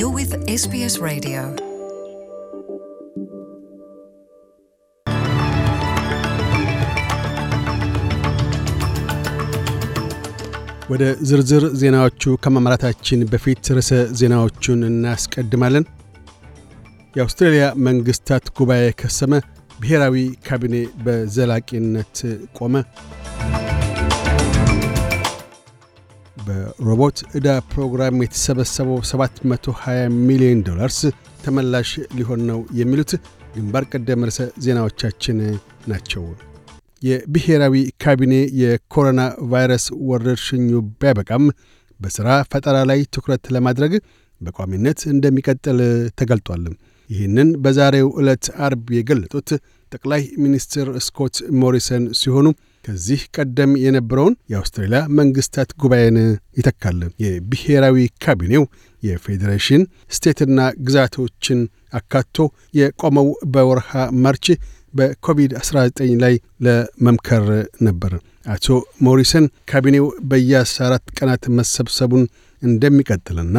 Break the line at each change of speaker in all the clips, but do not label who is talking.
You're with SBS Radio. ወደ ዝርዝር ዜናዎቹ ከማምራታችን በፊት ርዕሰ ዜናዎቹን እናስቀድማለን። የአውስትሬልያ መንግሥታት ጉባኤ ከሰመ፣ ብሔራዊ ካቢኔ በዘላቂነት ቆመ። በሮቦት ዕዳ ፕሮግራም የተሰበሰበው 720 ሚሊዮን ዶላርስ ተመላሽ ሊሆን ነው የሚሉት ግንባር ቀደም ርዕሰ ዜናዎቻችን ናቸው። የብሔራዊ ካቢኔ የኮሮና ቫይረስ ወረርሽኙ ቢያበቃም በሥራ ፈጠራ ላይ ትኩረት ለማድረግ በቋሚነት እንደሚቀጥል ተገልጧል። ይህንን በዛሬው ዕለት አርብ የገለጡት ጠቅላይ ሚኒስትር ስኮት ሞሪሰን ሲሆኑ ከዚህ ቀደም የነበረውን የአውስትራሊያ መንግስታት ጉባኤን ይተካል። የብሔራዊ ካቢኔው የፌዴሬሽን ስቴትና ግዛቶችን አካቶ የቆመው በወርሃ ማርች በኮቪድ-19 ላይ ለመምከር ነበር። አቶ ሞሪሰን ካቢኔው በየአስራ አራት ቀናት መሰብሰቡን እንደሚቀጥልና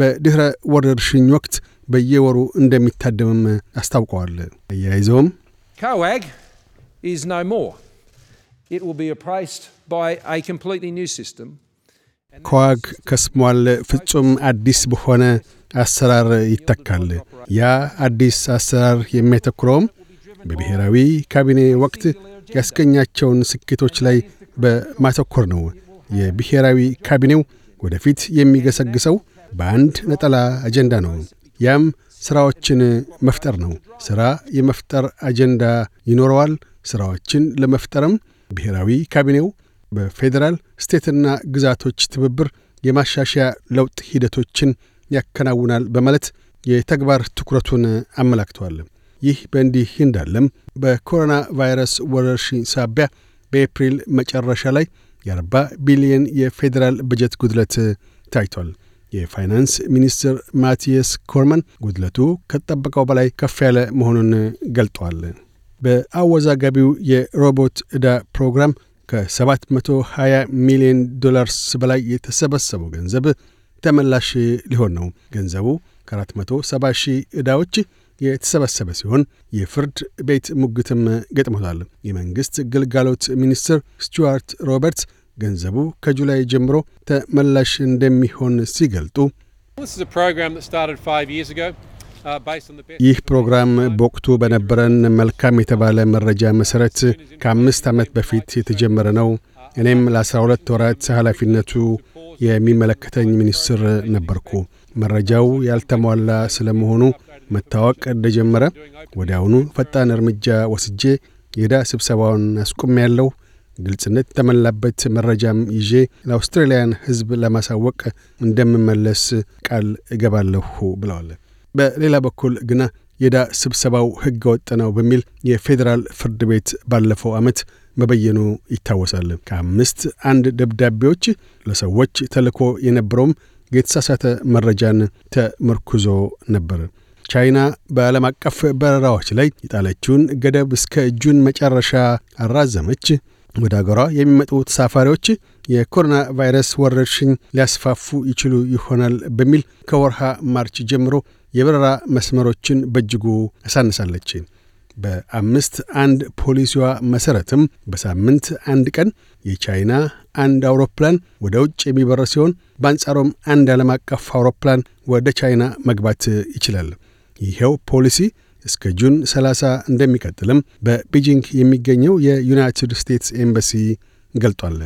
በድኅረ ወረርሽኝ ወቅት በየወሩ እንደሚታደምም አስታውቀዋል። አያይዘውም ካዋግ ኢዝ ኖ ሞር ከዋግ ከስሟል ፍጹም አዲስ በሆነ አሰራር ይተካል። ያ አዲስ አሰራር የሚያተኩረውም በብሔራዊ ካቢኔ ወቅት ያስገኛቸውን ስኬቶች ላይ በማተኮር ነው። የብሔራዊ ካቢኔው ወደፊት የሚገሰግሰው በአንድ ነጠላ አጀንዳ ነው። ያም ሥራዎችን መፍጠር ነው። ሥራ የመፍጠር አጀንዳ ይኖረዋል። ሥራዎችን ለመፍጠርም ብሔራዊ ካቢኔው በፌዴራል ስቴትና ግዛቶች ትብብር የማሻሻያ ለውጥ ሂደቶችን ያከናውናል በማለት የተግባር ትኩረቱን አመላክተዋል። ይህ በእንዲህ እንዳለም በኮሮና ቫይረስ ወረርሽኝ ሳቢያ በኤፕሪል መጨረሻ ላይ የ40 ቢሊየን የፌዴራል በጀት ጉድለት ታይቷል። የፋይናንስ ሚኒስትር ማቲየስ ኮርመን ጉድለቱ ከተጠበቀው በላይ ከፍ ያለ መሆኑን ገልጠዋል። በአወዛጋቢው የሮቦት ዕዳ ፕሮግራም ከ720 ሚሊዮን ዶላርስ በላይ የተሰበሰበው ገንዘብ ተመላሽ ሊሆን ነው። ገንዘቡ ከ470 ሺህ ዕዳዎች የተሰበሰበ ሲሆን የፍርድ ቤት ሙግትም ገጥሞታል። የመንግሥት ግልጋሎት ሚኒስትር ስቲዋርት ሮበርትስ ገንዘቡ ከጁላይ ጀምሮ ተመላሽ እንደሚሆን ሲገልጡ ይህ ፕሮግራም በወቅቱ በነበረን መልካም የተባለ መረጃ መሠረት ከአምስት ዓመት በፊት የተጀመረ ነው። እኔም ለ12 ወራት ኃላፊነቱ የሚመለከተኝ ሚኒስትር ነበርኩ። መረጃው ያልተሟላ ስለመሆኑ መታወቅ እንደጀመረ ወዲያውኑ ፈጣን እርምጃ ወስጄ የዳ ስብሰባውን አስቁም ያለው ግልጽነት የተሞላበት መረጃም ይዤ ለአውስትራሊያን ሕዝብ ለማሳወቅ እንደምመለስ ቃል እገባለሁ ብለዋል። በሌላ በኩል ግና የዳ ስብሰባው ሕገ ወጥ ነው በሚል የፌዴራል ፍርድ ቤት ባለፈው ዓመት መበየኑ ይታወሳል። ከአምስት አንድ ደብዳቤዎች ለሰዎች ተልኮ የነበረውም የተሳሳተ መረጃን ተመርኩዞ ነበር። ቻይና በዓለም አቀፍ በረራዎች ላይ የጣለችውን ገደብ እስከ እጁን መጨረሻ አራዘመች። ወደ አገሯ የሚመጡ ተሳፋሪዎች የኮሮና ቫይረስ ወረርሽኝ ሊያስፋፉ ይችሉ ይሆናል በሚል ከወርሃ ማርች ጀምሮ የበረራ መስመሮችን በእጅጉ አሳንሳለች። በአምስት አንድ ፖሊሲዋ መሠረትም በሳምንት አንድ ቀን የቻይና አንድ አውሮፕላን ወደ ውጭ የሚበር ሲሆን በአንጻሩም አንድ ዓለም አቀፍ አውሮፕላን ወደ ቻይና መግባት ይችላል። ይኸው ፖሊሲ እስከ ጁን 30 እንደሚቀጥልም በቤጂንግ የሚገኘው የዩናይትድ ስቴትስ ኤምባሲ ገልጧል።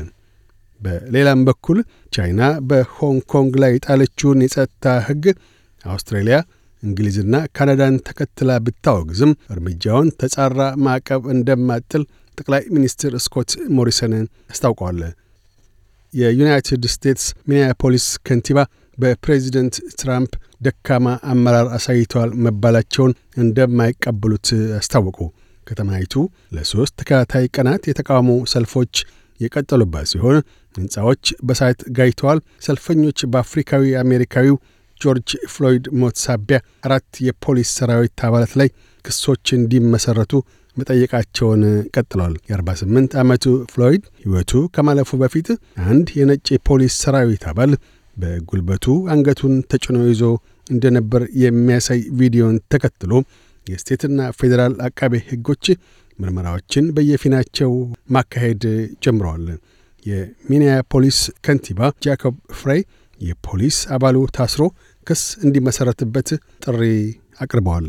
በሌላም በኩል ቻይና በሆንግ ኮንግ ላይ የጣለችውን የጸጥታ ሕግ አውስትራሊያ እንግሊዝና ካናዳን ተከትላ ብታወግዝም እርምጃውን ተጻራ ማዕቀብ እንደማጥል ጠቅላይ ሚኒስትር ስኮት ሞሪሰንን አስታውቀዋል። የዩናይትድ ስቴትስ ሚኒያፖሊስ ከንቲባ በፕሬዚደንት ትራምፕ ደካማ አመራር አሳይተዋል መባላቸውን እንደማይቀበሉት አስታወቁ። ከተማይቱ ለሦስት ተከታታይ ቀናት የተቃውሞ ሰልፎች የቀጠሉባት ሲሆን ሕንፃዎች በሳት ጋይተዋል። ሰልፈኞች በአፍሪካዊ አሜሪካዊው ጆርጅ ፍሎይድ ሞት ሳቢያ አራት የፖሊስ ሰራዊት አባላት ላይ ክሶች እንዲመሰረቱ መጠየቃቸውን ቀጥለዋል። የ48 ዓመቱ ፍሎይድ ሕይወቱ ከማለፉ በፊት አንድ የነጭ የፖሊስ ሰራዊት አባል በጉልበቱ አንገቱን ተጭኖ ይዞ እንደነበር የሚያሳይ ቪዲዮን ተከትሎ የስቴትና ፌዴራል አቃቤ ሕጎች ምርመራዎችን በየፊናቸው ማካሄድ ጀምረዋል። የሚኒያፖሊስ ከንቲባ ጃኮብ ፍሬይ የፖሊስ አባሉ ታስሮ ክስ እንዲመሠረትበት ጥሪ አቅርበዋል።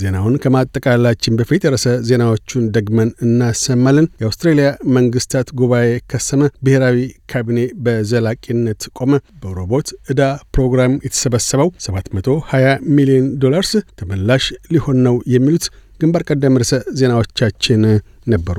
ዜናውን ከማጠቃላችን በፊት ርዕሰ ዜናዎቹን ደግመን እናሰማለን። የአውስትሬልያ መንግስታት ጉባኤ ከሰመ፣ ብሔራዊ ካቢኔ በዘላቂነት ቆመ፣ በሮቦት ዕዳ ፕሮግራም የተሰበሰበው 720 ሚሊዮን ዶላርስ ተመላሽ ሊሆን ነው የሚሉት ግንባር ቀደም ርዕሰ ዜናዎቻችን ነበሩ።